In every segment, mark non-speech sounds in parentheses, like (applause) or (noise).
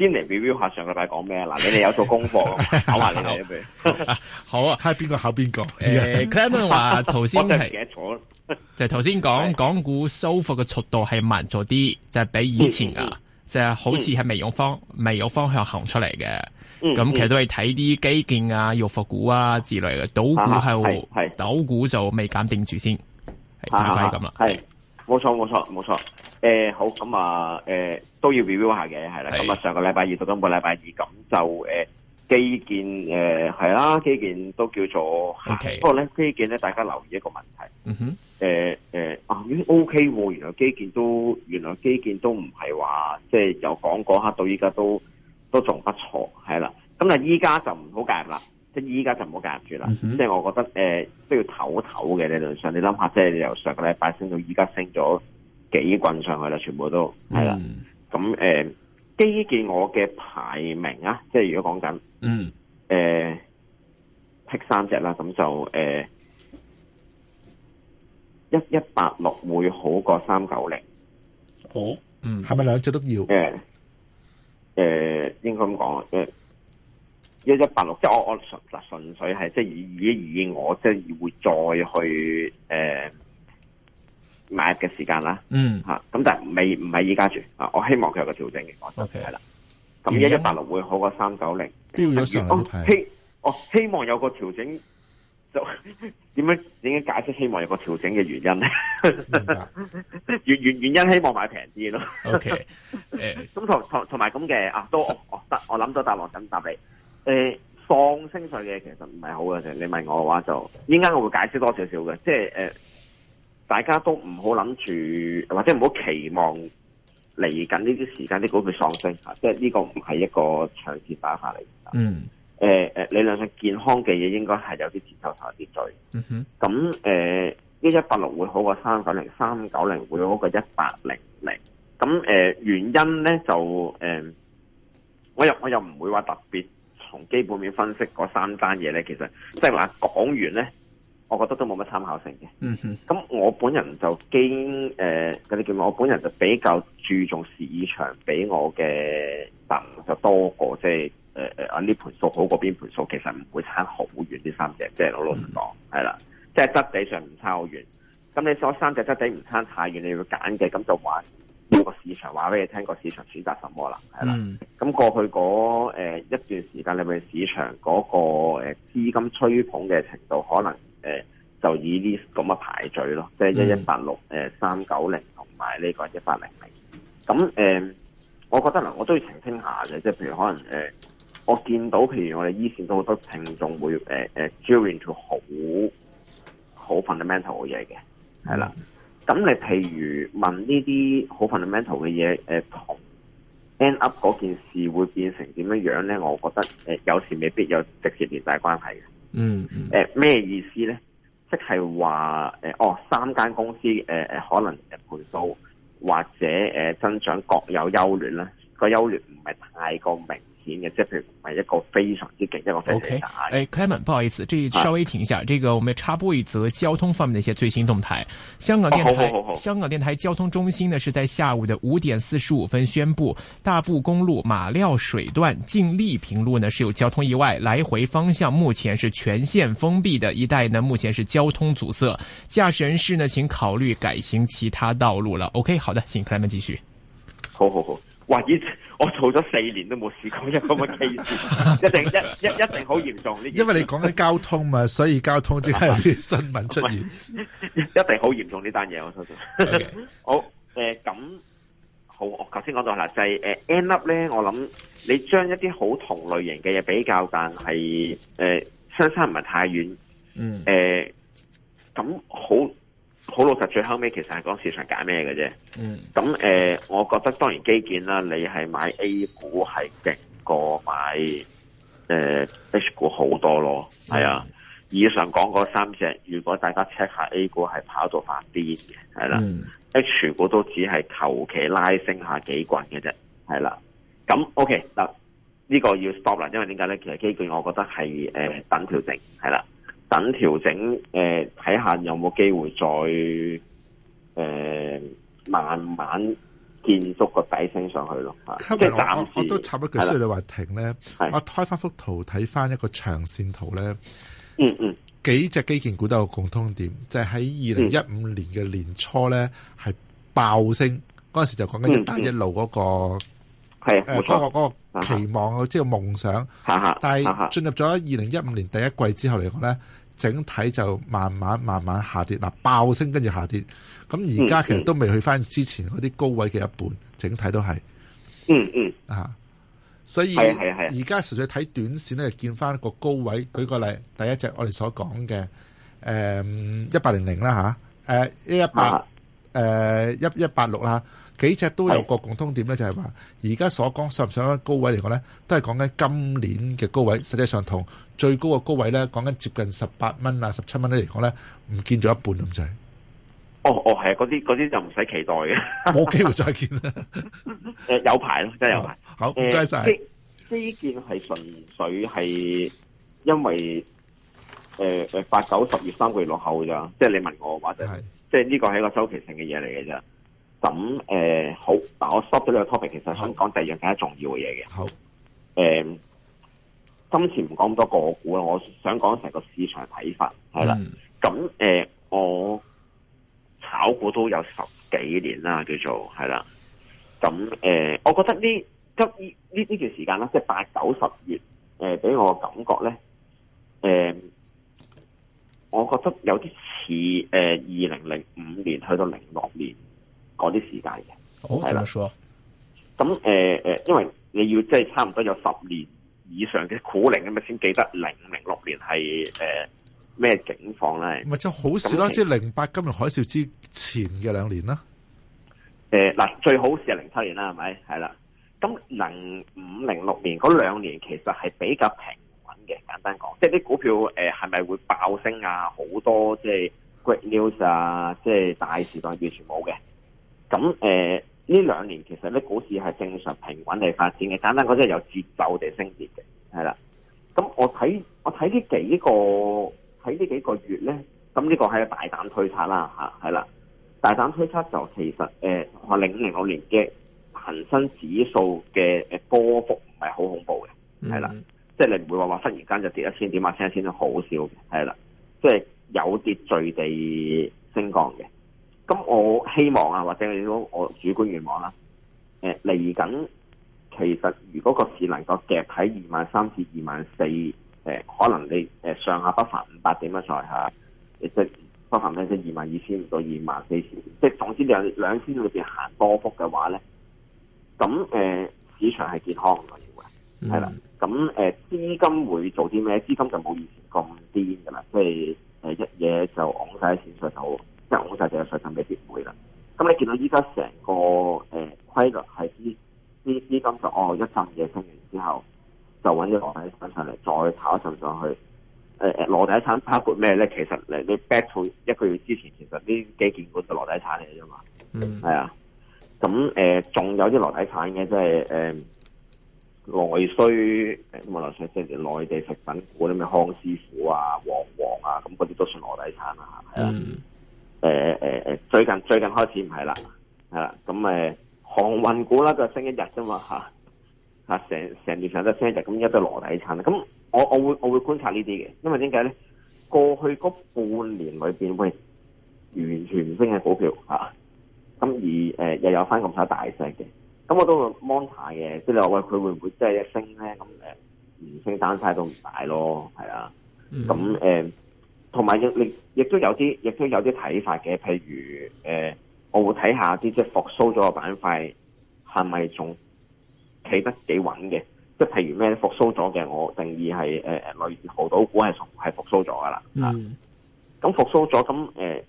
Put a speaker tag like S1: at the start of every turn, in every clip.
S1: 先嚟 review
S2: 下上個禮拜
S1: 講咩嗱，你哋有做功課，
S3: 考 (laughs) 埋你哋好啊，睇下邊個考邊個。Clement 話頭先係， (laughs) 是
S4: 我
S2: (laughs) 就係頭先講港股收復嘅速度係慢咗啲，就係、是、比以前啊，嗯、就係、是、好似係未有方未、嗯、有方向行出嚟嘅。咁、嗯、其實都係睇啲基建啊、肉服股啊之類嘅。賭股後係係賭股就未揀定住先，係、啊啊、大概咁啦。係、啊啊，冇錯冇錯
S1: 冇錯。誒、欸，好咁啊，誒、欸。都要 review 下嘅，係啦。咁啊，上個禮拜二到今個禮拜二咁就誒、呃、基建誒係啦，基建都叫做行，不過咧基建咧大家留意一個問題。嗯、mm-hmm. 哼、呃呃，啊，已經 OK 喎，原來基建都原來基建都唔係話即係由講嗰刻到依家都都仲不錯，係啦。咁啊，依家就唔好介入啦，即係依家就唔、是、好介入住啦。即、mm-hmm. 係我覺得誒、呃、都要唞唞嘅理論上，你諗下，即係、就是、由上個禮拜升到依家升咗幾棍上去啦，全部都係啦。咁誒基建我嘅排名啊，即係如果講緊，嗯誒，pick 三隻啦，咁就誒一一八六會好過三九零。哦，嗯，係咪兩隻都要？誒誒，應該咁講誒一一八六，即係我我純粹係即係以以我即係會再去誒。呃買入嘅時間啦，嗯，吓、啊，咁但係唔係唔係依家住，啊，我希望佢有個調整嘅，我得係啦。咁一一八六會好過三九零，希、啊，我希望有個調整，就點樣點樣解釋？希望有個調整嘅原因咧，即係原原原因希望買平啲咯。O K，咁同同同埋咁嘅啊，都得、哦，我諗咗，但係我想，答，我想答你，誒、呃，放升稅嘅其實唔係好嘅，成你問我嘅話就，應該我會解釋多少少嘅，即係誒。呃大家都唔好諗住，或者唔好期望嚟緊呢啲時間啲股票上升嚇，即係呢個唔係一個長線打法嚟。嗯、
S4: mm.
S1: 呃，誒誒，理論上健康嘅嘢應該係有啲節奏，晒啲對。咁、呃、誒，呢一一八六會好過三九零，三九零會好過一八零零。咁誒，原因咧就誒、呃，我又我又唔會話特別從基本面分析嗰三單嘢咧，其實即係話講完咧。我覺得都冇乜參考性嘅。嗯哼，咁我本人就基誒啲叫我本人就比較注重市場俾我嘅份就多過，即係誒誒，我呢盤數好過邊盤數，其實唔會差好遠。呢三隻即係老老實講係啦，即係質地上唔差好遠。咁你所三隻質地唔差太遠，你要揀嘅咁就話呢、個市場話俾你聽，個市場選擇什麼啦？係啦，咁、嗯、過去嗰、呃、一段時間，你咪市場嗰、個誒資金吹捧嘅程度可能。誒、呃，就以呢咁嘅排序咯，即係一一八六，誒三九零同埋呢個一八零零。咁、呃、誒，我覺得嗱、呃，我都要澄清下嘅，即係譬如可能誒、呃，我見到譬如我哋一線都好多聽眾會誒誒 join to 好好 fundamental 嘅嘢嘅，係啦。咁你譬如問呢啲好 fundamental 嘅嘢，誒、呃、同 end up 嗰件事會變成點樣樣咧？我覺得誒、呃、有時未必有直接連帶關係嘅。嗯，誒、嗯、咩、呃、意思咧？即係話誒，哦三間公司誒誒、呃，可能誒倍數或者誒、呃、增長各有優劣啦，個優劣唔係太過明顯。非常之勁一個非
S2: 常,個非常、okay. Clement, 不好意思，這稍微停一下、啊，這個我們插播一則交通方面的一些最新動態。香港電台，oh, oh, oh, oh, oh. 香港電台交通中心呢，是在下午的五點四十五分宣布，大埔公路馬料水段近麗平路呢是有交通意外，來回方向目前是全線封閉的一帶呢，目前是交通阻塞，駕駛人士呢，請考慮改行其他道路了。OK，好的，請 Clement 繼續。好
S1: 好好，我做咗四年都冇試過一個咁嘅 case 一定 (laughs) 一一一,一定好嚴重。呢 (laughs)
S3: 因為你講緊交通嘛，所以交通即係有啲新聞出
S4: 現， (laughs)
S1: 一,一定好嚴重呢單嘢。我收數。Okay. (laughs) 好誒，咁、呃、好，我頭先講到嗱，就係、是、誒、呃、end up 咧，我諗你將一啲好同類型嘅嘢比較，但係誒相差唔係太遠，嗯，誒、呃、咁好。好老實，最後尾其實係講市場揀咩嘅啫。咁、嗯、誒、呃，我覺得當然基建啦，你係買 A 股係勁過買誒、呃、H 股好多咯。係啊、嗯，以上講嗰三隻，如果大家 check 下 A 股係跑到快啲嘅，係啦、啊嗯、，H 股都只係求其拉升下幾棍嘅啫，係啦、啊。咁 OK 嗱，呢個要 stop 啦，因為點解咧？其實基建我覺得係誒、呃、等調整，係啦、啊。等調整，誒睇下有冇機會再誒、呃、慢慢建築個底升上去咯。嚇，我，我，我都插一句，需要
S3: 你話停咧，我開翻幅圖睇翻一個長線圖咧，嗯嗯，幾隻基建股都有共通點，就係喺二零一五年嘅年初咧係、嗯、爆升，嗰、嗯、陣時就講緊一帶一路嗰、嗰個。嗯嗯係誒，初學嗰個期望即係夢想。但係進入咗二零一五年第一季之後嚟講咧，整體就慢慢慢慢下跌。嗱，爆升跟住下跌。咁而家其實都未去翻之前嗰啲高位嘅一半，整體都係。嗯嗯啊，所以而家純粹睇短線咧，見翻個高位。舉個例，第一隻我哋所講嘅誒一八零零啦吓，誒一八誒一一八六啦。10000, 呃 100, 幾隻都有個共通點咧，就係話而家所講上唔上高位嚟講咧，都係講緊今年嘅高位。實際上同最高嘅高位咧，講緊接近十八蚊啊、十七蚊呢嚟講咧，唔見咗一半咁滯、哦。
S1: 哦哦，係啊，嗰啲啲就唔使期待嘅，冇機會再見啦。誒，有排咯，真係有排、哦。好，唔該晒。呢、
S3: 呃、件
S1: 係純粹係因為誒誒，八九十月三個月落後嘅啫。即係你問我嘅話，就係即係呢個係一個周期性嘅嘢嚟嘅啫。咁誒、呃，好嗱，我 stop 咗呢個 topic，其實想講第二樣更加重要嘅嘢嘅。好，誒、呃，今次唔講咁多個股啦，我想講成個市場睇法係啦。咁誒、嗯呃，我炒股都有十幾年啦，叫做係啦。咁誒、呃，我覺得呢今呢呢段時間啦，即係八九十月，誒、呃，俾我嘅感覺咧，誒、呃，我覺得有啲似誒二零零五年去到零六年。嗰啲時間嘅，好、oh，係啦，咁誒誒，因為你要即係差唔多有十年以上嘅苦零齡咁咪先記得零五零六年係誒咩境況咧？咪係就是、好少啦、啊，即係
S3: 零八金融海嘯之前嘅兩年啦。
S1: 誒、呃、嗱，最好是零七年啦，係咪？係啦，咁零五零六年嗰兩年其實係比較平
S4: 穩嘅。簡單
S1: 講，即係啲股票誒係咪會爆升啊？好多即係 great news 啊！即、就、係、是、大時代完全冇嘅。咁誒呢兩年其實咧股市係正常平穩地發展嘅，簡單嗰啲有節奏地升跌嘅，係啦。咁我睇我睇呢幾個睇呢幾個月咧，咁呢個係大膽推測啦嚇，係啦。大膽推測就其實誒，話零五年六年嘅恒生指數嘅波幅唔係好恐怖嘅，
S4: 係啦，即、嗯、
S1: 係、就是、你唔會話話忽然間就跌一千點或升一千都好少嘅，係啦，即係、就是、有跌墜地升降嘅。咁我希望啊，或者你都我主觀願望啦、啊。誒嚟緊，其實如果個市能夠夾喺二萬三至二萬四，可能你上下不凡五百點嘅在下，即係不凡嘅即二萬二千五到二萬四千，即係總之兩兩千裏邊行波幅嘅話咧，咁、呃、市場係健康嘅，認為係啦。咁誒、呃、資金會做啲咩？資金就冇以前咁癲㗎啦，即係、呃、一嘢就㧬晒喺線上度。就有實就嘅必會啦。咁你見到依家成個誒規律係啲啲資金就哦一陣嘢升完之後，就揾啲內地產上嚟再炒一陣上去。誒誒內地產包括咩咧？其實你你 back 一個月之前，其實呢基建股就內地產嘅啫嘛。係啊。咁仲有啲內地產嘅即係誒內需誒冇內需即係內地食品股啲咩康師傅啊、旺旺啊，咁嗰啲都算內地產啊。嗯，嗯。誒誒誒最近最近開始唔係啦，係啦，咁誒、欸、航運股都就升一日啫嘛吓，成成段上都升一日，咁都係籮底橙。咁我我會我會觀察呢啲嘅，因為點解咧？過去嗰半年裏邊喂完全唔升嘅股票吓，咁、啊、而誒、呃、又有翻咁多大隻嘅，咁我都會 mon 嘅，即係你話喂佢會唔會即係一升咧？咁誒唔升，downside 都唔大咯，係啊，咁誒。嗯嗯同埋亦亦亦都有啲，亦都有啲睇法嘅。譬如誒、呃，我會睇下啲即係復甦咗個板塊係咪仲企得幾穩嘅？即係譬如咩復甦咗嘅，我定義係誒誒，似、呃、如濠賭股係係復甦咗噶啦。咁復甦咗，咁誒，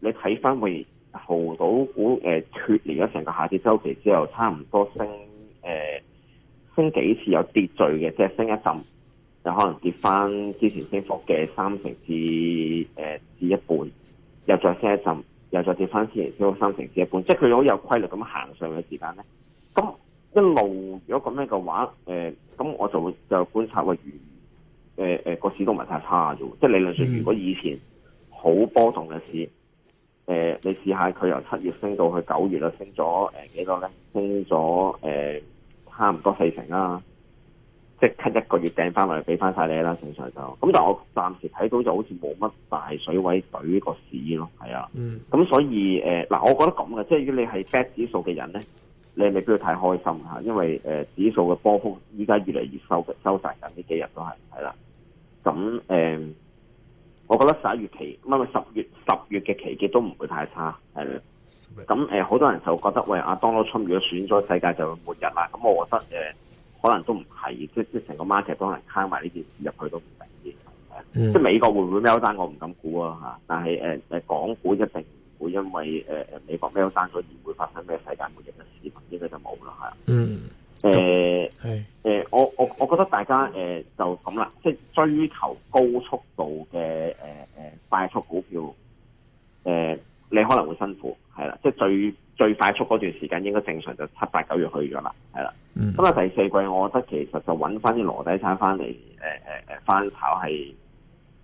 S1: 你睇翻會濠賭股誒脫離咗成個下跌周期之後，差唔多升誒、呃、升幾次有秩序嘅，即係升一陣。就可能跌翻之前升幅嘅三成至，誒、呃、至一半，又再升一陣，又再跌翻之前升幅三成至一半，即係佢好有規律咁行上嘅時間咧。咁一路如果咁樣嘅話，誒、呃，咁我就就觀察個預，誒誒個市都唔係太差啫。即係理論上、嗯，如果以前好波動嘅市，誒、呃，你試下佢由七月升到去九月啦，升咗誒、呃、幾多咧？升咗誒、呃、差唔多四成啦、啊。即刻一個月掟翻落嚟俾翻晒你啦，正常就咁。但係我暫時睇到就好似冇乜大水位隊個市咯，係啊。咁、嗯、所以誒嗱、呃，我覺得咁嘅，即係如果你係 bad 指數嘅人咧，你未必要太開心嚇，因為誒、呃、指數嘅波幅依家越嚟越收收曬緊，呢幾日都係係啦。咁誒、呃，我覺得十一月期，唔十月十月嘅期結都唔會太差。誒，咁誒好多人就覺得喂，阿 Donald Trump 如果選咗，世界就會末日啦。咁我覺得誒。呃可能都唔係、嗯，即即成個 market 可能卡埋呢件事入去都唔定嘅，
S4: 即係美
S1: 國會唔會 meltdown 我唔敢估啊吓，但係、呃、港股一定會因為、呃、美國 meltdown 所以會發生咩世界末日嘅事情，應該就冇啦。嗯、呃呃、我我我覺得大家、呃、就咁啦，即係追求高速度嘅、呃呃、快速股票。可能會辛苦，係啦，即係最最快速嗰段時間，應該正常就七八九月去咗啦，係啦。咁、嗯、啊，第四季我覺得其實就揾翻啲籮底橙翻嚟，誒誒誒，翻炒係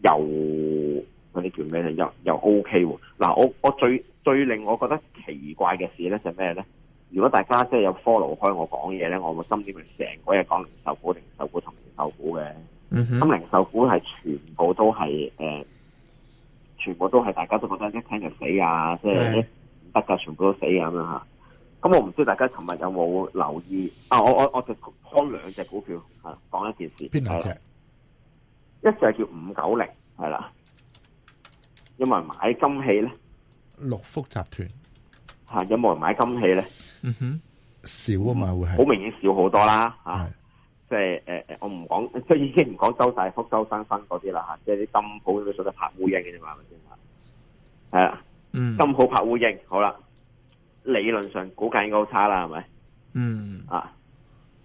S1: 又嗰啲叫咩咧？又又 OK 喎。嗱、啊，我我最最令我覺得奇怪嘅事咧，就係咩咧？如果大家即係有 follow 開我講嘢咧，我個心裏面成日講零售股、零售股同零售股嘅，
S4: 咁零
S1: 售股係全部都係誒。呃全部都係大家都覺得一聽就死啊，即係
S4: 唔
S1: 得噶，全部都死咁樣啊！吓、嗯，咁我唔知大家琴日有冇留意啊？我我我就開兩隻股票吓，講一件事。邊兩隻？一隻叫五九零，係啦。有冇人買金器咧？
S3: 六福集團
S1: 吓，有冇人買金器咧？嗯哼，
S3: 少啊嘛，會係好
S1: 明顯少好多啦啊！即係誒誒，我唔講，即係已經唔講周大福、周生生嗰啲啦吓，即係啲金鋪佢做得拍烏蠅嘅啫嘛，係咪先？係，
S4: 係啊，嗯，
S1: 金鋪拍烏蠅，好啦，理論上估計應該好差啦，係咪？嗯啊，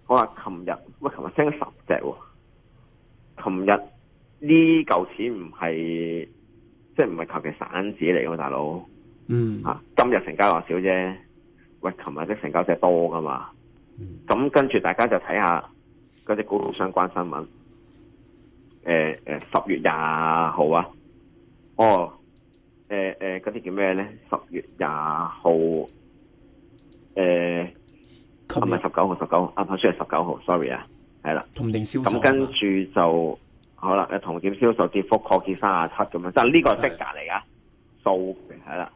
S1: 我話琴日喂，琴日升咗十隻、啊，琴日呢嚿錢唔係即係唔係求其散紙嚟嘅，大佬，
S4: 嗯啊，
S1: 今日成交量少啫，喂，琴日即成交隻多噶嘛，咁、嗯、跟住大家就睇下。嗰啲港股相關新聞，誒誒十月廿號啊，哦、喔，誒誒嗰啲叫咩咧？十月廿號，誒、欸，唔係十九號，十九啊，頭先係十九號，sorry 啊，係啦，同店銷售，咁跟住就，好啦，同店銷售跌幅擴闊三十七咁樣，但呢個係 data 嚟噶，數係啦，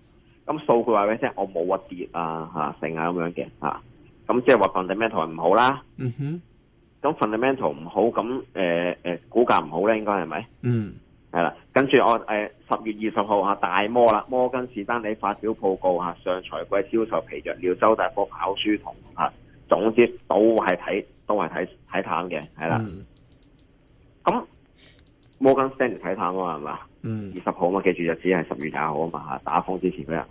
S1: 咁數據話畀你聽，我冇話跌啊嚇升啊咁樣嘅，咁即係話講定咩台唔好啦，嗯
S4: 哼。
S1: 咁 fundamental 唔好，咁誒誒股價唔好咧，應該係咪？嗯，係啦。跟住我誒十、呃、月二十號吓大摩啦，摩根士丹利發表報告吓、啊，上財季銷售疲弱，料周大福跑輸同吓，總之都係睇都係睇睇淡嘅，係啦。咁摩根士丹利睇淡啊，係嘛？嗯。
S4: 二
S1: 十號啊嘛，記住日子係十月廿號啊嘛吓，打風之前嗰日啊，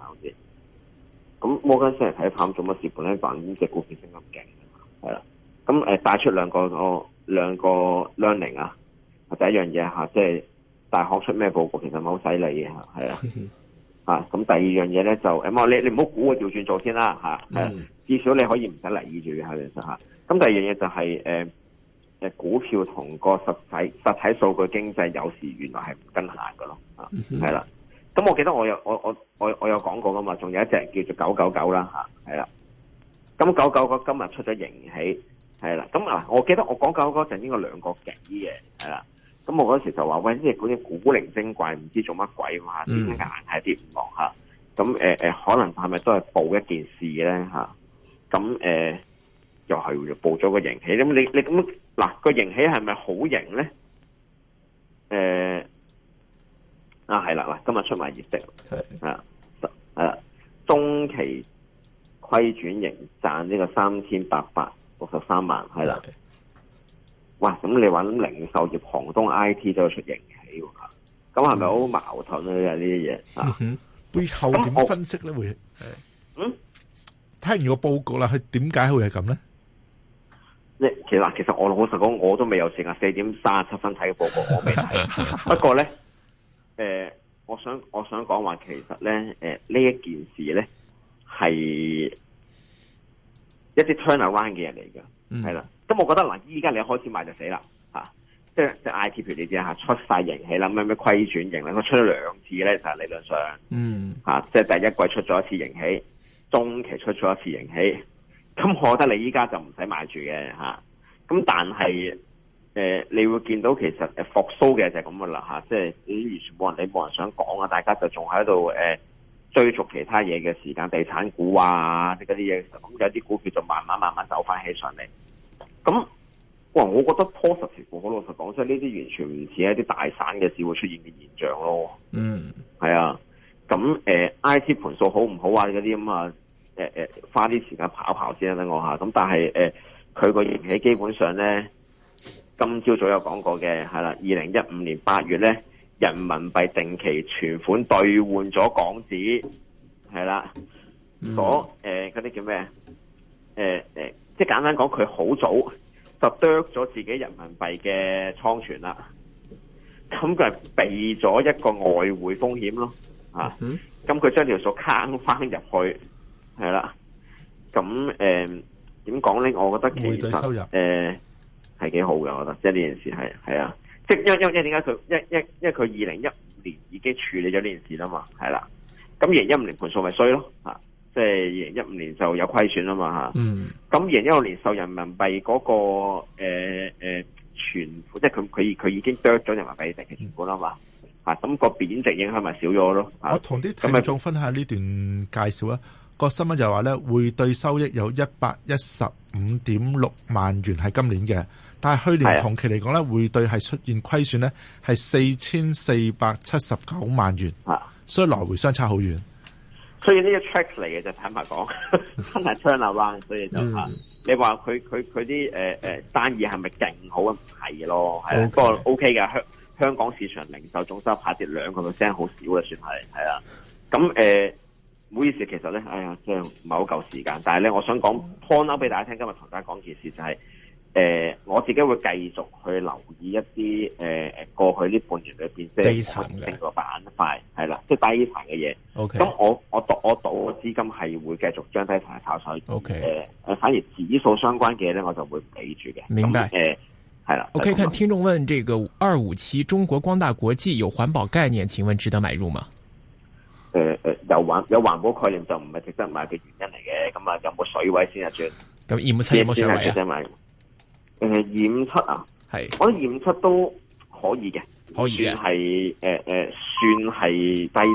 S1: 總、啊、咁摩根士丹利睇淡做乜事？本身隻股票升咁勁，係啦。咁誒帶出兩個兩兩個 learning 啊，第一樣嘢即係大學出咩報告，其實唔係好犀利嘅，啊，咁 (laughs) 第二樣嘢咧就你你唔好估我調轉做先啦啊，至少你可以唔使留意住其實。咁第二樣嘢就係、是呃就是、股票同個實體實體數據經濟有時原來係唔跟行㗎咯，啦。咁 (laughs) 我記得我有我我我我有講過噶嘛，仲有一隻叫做九九九啦啦。咁九九九今日出咗盈喜。係啦，咁啊，我記得我講緊嗰陣應該兩個幾嘅，係啦，咁我嗰時就話，喂，即係嗰啲古靈精怪，唔知做乜鬼嘛，啲顏睇啲唔同吓，咁誒誒，可能係咪都係報一件事咧吓，咁、啊、誒、啊啊，又係報咗個盈喜，咁你你咁嗱個盈喜係咪好盈咧？誒，啊係啦，嗱、那個啊啊，今日出埋業績，係啊，中期虧轉盈，賺呢個三千八百。六十三萬係啦，哇！咁你話零售業、行東 IT,、I T 都有出盈喜，咁係咪好矛盾咧？呢啲嘢，
S3: 背後點分析咧？會嗯，聽完個報告啦，佢點解會係咁
S1: 咧？其實，其實我老實講，我都未有時間四點三十七分睇嘅報告，我未睇。 (laughs) 不過咧，誒、呃，我想我想講話，其實咧，誒、呃，呢一件事咧，係。一啲 Turnaround 嘅人嚟㗎，係、嗯、啦，咁我覺得嗱，依家你一開始買就死啦，啊，即即 I T 譬如呢啲出晒盈喜啦，咩咩虧轉盈啦，佢出咗兩次咧，就係、是、理論上，嗯，嚇、啊，即第一季出咗一次盈喜，中期出咗一次盈喜，咁我覺得你依家就唔使買住嘅，咁但係、嗯呃、你會見到其實復蘇嘅就係咁噶啦嚇，即你完全冇人，你冇人想講啊，大家就仲喺度追逐其他嘢嘅時間，地產股啊，啲嗰啲嘢，咁有啲股票就慢慢慢慢走翻起上嚟。咁，哇！我覺得拖實時股，好老實講真，呢啲完全唔似一啲大散嘅事會出現嘅現象咯。嗯，係啊。咁誒、呃、IT 盤數好唔好啊？嗰啲咁啊，花啲時間跑一跑先啦，等我下。咁但係誒，佢、呃、個形勢基本上咧，今朝早有講過嘅，係啦、啊，二零一五年八月咧。人民幣定期存款兌換咗港紙，係啦，
S4: 所
S1: 誒嗰啲叫咩啊？誒、呃呃、即簡單講，佢好早就剁咗自己人民幣嘅倉存啦。咁佢係避咗一個外匯風險咯，嚇、嗯。咁佢將條數坑翻入去，係啦。咁誒點講咧？我覺得其實收入係幾、呃、好嘅，我覺得，即呢件事係係啊。即因因為點解佢一一因為佢二零一五年已經處理咗呢件事啦嘛，係啦，咁二零一五年盤數咪衰咯，吓，即係二零一五年就有虧損啦嘛，吓、
S4: 嗯，
S1: 咁二零一六年受人民幣嗰、那個誒誒、呃，存款，即係佢佢佢已經 d 咗人民幣嘅存款啊嘛，吓、嗯，咁個貶值影響咪少咗咯，我
S3: 同啲聽眾分享呢段介紹。那個新聞就話咧，匯兌收益有一百一十五點六萬元係今年嘅，但係去年同期嚟講咧，匯兌係出現虧損咧，係四千四百七十九萬元，所以來回相差好遠。
S1: 所以呢個 track 嚟嘅就坦白講真係 turnaround 啦，所以就吓、嗯、你話佢佢佢啲誒誒生意係咪勁好啊？唔係咯，係不過 O K 嘅香香港市場零售總收下跌兩個 percent，好少嘅算係係啦，咁誒。唔好意思，其實咧，哎呀，即係唔係好夠時間，但係咧，我想講 point out 俾大家聽，今日同大家講件事就係、是，誒、呃，我自己會繼續去留意一啲誒誒過去呢半年裏邊低殘嘅個板塊，係啦，即係低殘嘅嘢。O K，咁我我賭我賭資金係會繼續將低殘炒上去。O K，誒，反而指數相關嘅嘢咧，我就會避住嘅。明白。誒、嗯，
S2: 係、呃、啦。O、okay, 嗯、K，、okay, 看聽眾問：，這個二五七中國光大國際有環保概念，請問值得買入嗎？
S1: 誒、呃、誒、呃，有環有環保概念就唔係值得買嘅原因嚟嘅，咁啊有冇水位先係最咁？二五七有冇水位？誒，二、呃、五七啊，係，我諗二
S4: 五七都可以嘅，
S1: 可以啊，係誒誒，算係、呃、低。